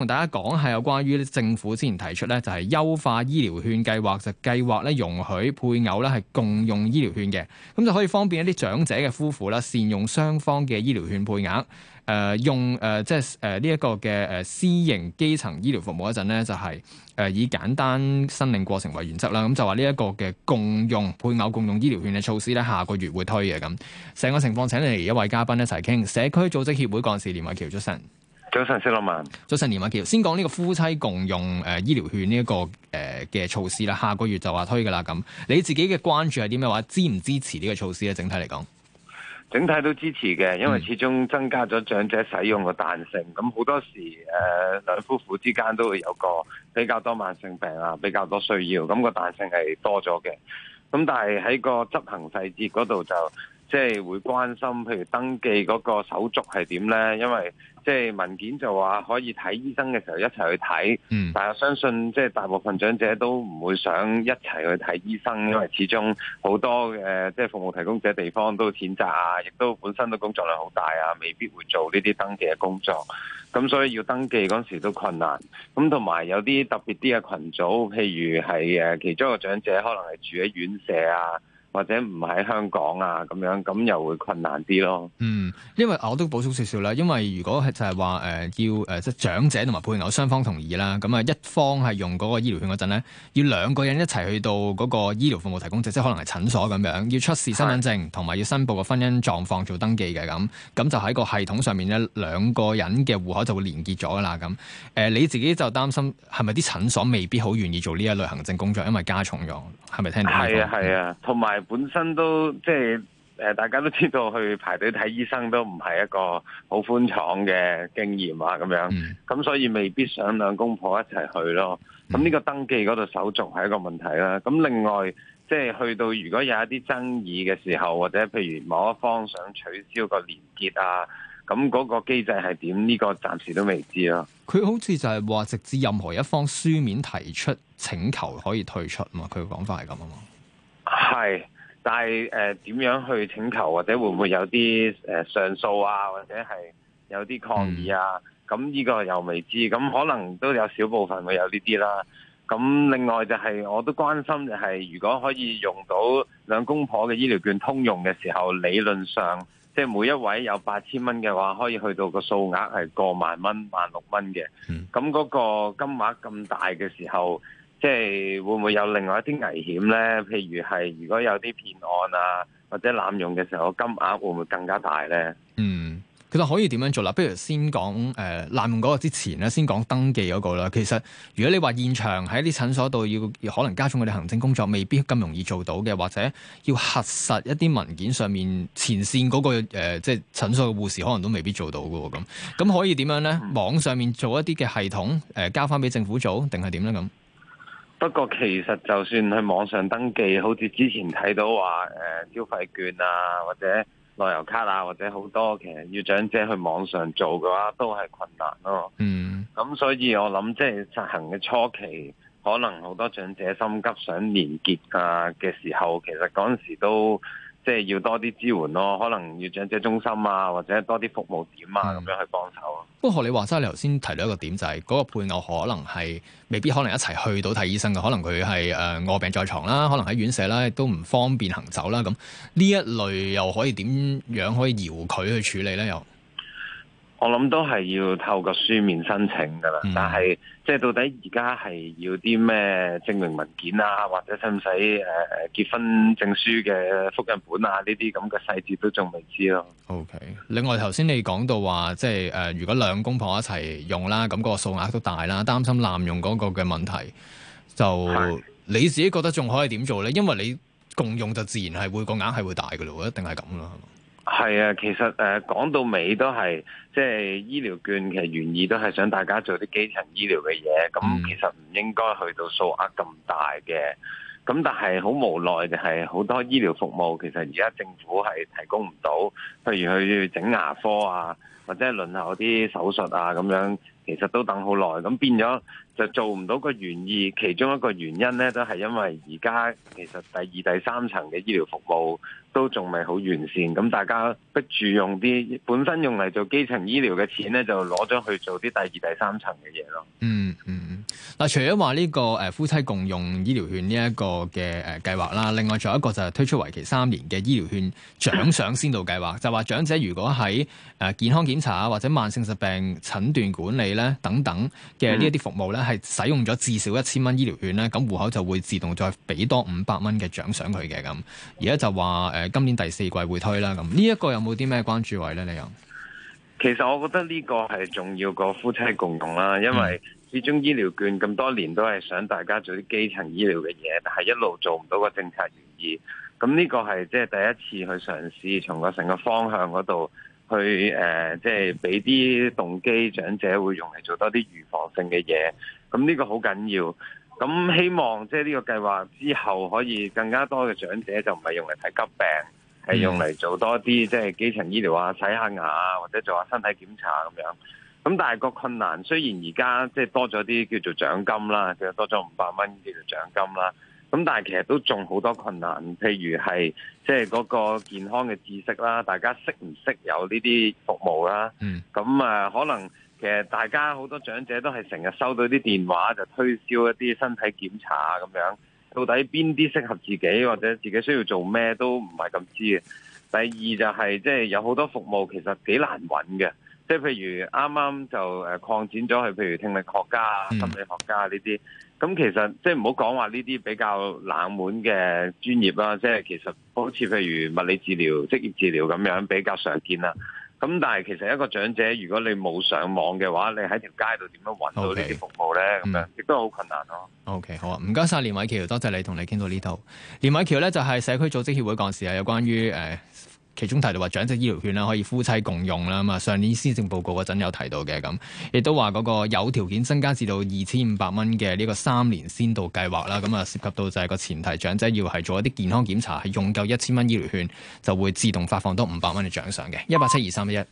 同大家講係有關於政府之前提出咧就係優化醫療券計劃，就計劃咧容許配偶咧係共用醫療券嘅，咁就可以方便一啲長者嘅夫婦啦，善用雙方嘅醫療券配額。誒、呃，用誒、呃、即係誒呢一個嘅誒私營基層醫療服務一陣咧就係誒以簡單申領過程為原則啦。咁就話呢一個嘅共用配偶共用醫療券嘅措施咧，下個月會推嘅咁成個情況，請你嚟一位嘉賓一齊傾。社區組織協會幹事連瑋翹早晨。早晨，謝樂文。早晨，連瑋翹。先講呢個夫妻共用誒、呃、醫療券呢一個誒嘅、呃、措施啦，下個月就話推噶啦。咁你自己嘅關注係啲咩話？支唔支持呢個措施咧？整體嚟講，整體都支持嘅，因為始終增加咗長者使用嘅彈性。咁好、嗯、多時誒兩、呃、夫婦之間都會有一個比較多慢性病啊，比較多需要，咁、個彈性係多咗嘅。咁但係喺個執行細節嗰度就。即係會關心，譬如登記嗰個手續係點呢？因為即係文件就話可以睇醫生嘅時候一齊去睇，嗯、但係我相信即係大部分長者都唔會想一齊去睇醫生，因為始終好多嘅即係服務提供者的地方都譴責啊，亦都本身都工作量好大啊，未必會做呢啲登記嘅工作。咁所以要登記嗰時候都困難。咁同埋有啲特別啲嘅群組，譬如係誒其中一個長者可能係住喺院舍啊。或者唔喺香港啊，咁樣咁又會困難啲咯。嗯，因為我都補充少少啦，因為如果係就係話誒要誒、呃、即係長者同埋配偶雙方同意啦，咁啊一方係用嗰個醫療券嗰陣咧，要兩個人一齊去到嗰個醫療服務提供者，即係可能係診所咁樣，要出示身份證同埋的要申報個婚姻狀況做登記嘅，咁，咁就喺個系統上面咧，兩個人嘅戶口就會連結咗㗎啦咁。誒、呃，你自己就擔心係咪啲診所未必好願意做呢一類行政工作，因為加重咗。係咪聽到？係啊係啊，同埋、啊、本身都即係誒、呃，大家都知道去排隊睇醫生都唔係一個好寬敞嘅經驗啊，咁樣咁、嗯、所以未必想兩公婆一齊去咯。咁呢個登記嗰度手續係一個問題啦、啊。咁另外即係去到如果有一啲爭議嘅時候，或者譬如某一方想取消個連結啊。咁嗰個機制係點？呢、這個暫時都未知咯。佢好似就係話，直至任何一方書面提出請求可以退出嘛？佢嘅講法係咁啊嘛。係，但係誒點樣去請求，或者會唔會有啲誒、呃、上訴啊，或者係有啲抗議啊？咁呢、嗯、個又未知。咁可能都有少部分會有呢啲啦。咁另外就係、是、我都關心、就是，就係如果可以用到兩公婆嘅醫療券通用嘅時候，理論上。即係每一位有八千蚊嘅話，可以去到個數額係過萬蚊，萬六蚊嘅。咁嗰個金額咁大嘅時候，即係會唔會有另外一啲危險呢？譬如係如果有啲騙案啊，或者濫用嘅時候，金額會唔會更加大呢？嗯。其實可以點樣做啦？不如先講誒濫用嗰個之前咧，先講登記嗰個啦。其實如果你話現場喺啲診所度要要可能加重佢哋行政工作，未必咁容易做到嘅，或者要核實一啲文件上面前線嗰、嗰個、呃、即係診所嘅護士可能都未必做到㗎喎。咁咁可以點樣咧？網上面做一啲嘅系統，呃、交翻俾政府做定係點咧？咁不過其實就算喺網上登記，好似之前睇到話誒消費券啊或者。旅遊卡啊，或者好多其實要長者去網上做嘅話都係困難咯、啊。嗯，咁所以，我諗，即係實行嘅初期，可能好多長者心急想連結啊嘅時候，其實嗰陣時都。即係要多啲支援咯，可能要長者中心啊，或者多啲服務點啊，咁樣去幫手、嗯。不過你話齋，你頭先提到一個點，就係、是、嗰個配偶可能係未必可能一齊去到睇醫生嘅，可能佢係誒臥病在床啦，可能喺院舍啦，都唔方便行走啦。咁呢一類又可以點樣可以搖佢去處理咧？又？我諗都係要透過書面申請噶啦，嗯、但係即係到底而家係要啲咩證明文件啊，或者使唔使誒結婚證書嘅複印本啊？呢啲咁嘅細節都仲未知咯。OK。另外頭先你講到話，即係誒、呃，如果兩公婆一齊用啦，咁、個數額都大啦，擔心濫用嗰個嘅問題，就的你自己覺得仲可以點做咧？因為你共用就自然係會個額係會大噶啦，一定係咁啦。係啊，其實誒講到尾都係，即係醫療券其實原意都係想大家做啲基層醫療嘅嘢，咁其實唔應該去到數額咁大嘅。咁但係好無奈就係、是、好多醫療服務其實而家政府係提供唔到，譬如去整牙科啊，或者輪候啲手術啊咁樣，其實都等好耐。咁變咗就做唔到個原意，其中一個原因呢，都係因為而家其實第二、第三層嘅醫療服務都仲未好完善，咁大家迫住用啲本身用嚟做基層醫療嘅錢呢，就攞咗去做啲第二、第三層嘅嘢咯。嗯嗯。嗱，除咗話呢個誒、呃、夫妻共用醫療券呢一個嘅誒、呃、計劃啦，另外仲有一個就係推出為期三年嘅醫療券獎賞先導計劃， 就話長者如果喺誒、呃、健康檢查啊或者慢性疾病診斷管理咧等等嘅呢一啲服務咧，係、嗯、使用咗至少一千蚊醫療券咧，咁戶口就會自動再俾多五百蚊嘅獎賞佢嘅咁。而家就話誒、呃、今年第四季會推啦咁，呢一個有冇啲咩關注位咧？你又其實我覺得呢個係重要過夫妻共同啦，因為、嗯。呢種醫療券咁多年都係想大家做啲基層醫療嘅嘢，但係一路做唔到個政策願意。咁呢個係即係第一次去嘗試從個成個方向嗰度去誒，即係俾啲動機長者會用嚟做多啲預防性嘅嘢。咁呢個好緊要。咁希望即係呢個計劃之後可以更加多嘅長者就唔係用嚟睇急病，係、嗯、用嚟做多啲即係基層醫療啊、洗下牙、啊、或者做下身體檢查咁樣。咁但係個困難，雖然而家即係多咗啲叫做獎金啦，其實多咗五百蚊叫做獎金啦。咁但係其實都仲好多困難，譬如係即係嗰個健康嘅知識啦，大家識唔識有呢啲服務啦？嗯，咁啊，可能其實大家好多長者都係成日收到啲電話就推銷一啲身體檢查咁樣，到底邊啲適合自己或者自己需要做咩都唔係咁知嘅。第二就係、是、即係有好多服務其實幾難揾嘅。即係譬如啱啱就誒擴展咗去，譬如聽力學家啊、心理、嗯、學家啊呢啲，咁其實即係唔好講話呢啲比較冷門嘅專業啦，即係其實好似譬如物理治療、職業治療咁樣比較常見啦。咁但係其實一個長者如果你冇上網嘅話，你喺條街度點樣搵到呢啲服務咧？咁樣亦都好困難咯。OK，好啊，唔該晒。連瑋翹，多謝你同你傾到呢度。連瑋翹咧就係社區組織協會幹事啊，有關於誒。呃其中提到話長者醫療券啦，可以夫妻共用啦嘛。上年施政報告嗰陣有提到嘅。咁，亦都話嗰個有條件增加至到二千五百蚊嘅呢個三年先導計劃啦。咁啊涉及到就係個前提，長者要係做一啲健康檢查，係用夠一千蚊醫療券就會自動發放多五百蚊嘅獎賞嘅。一八七二三一。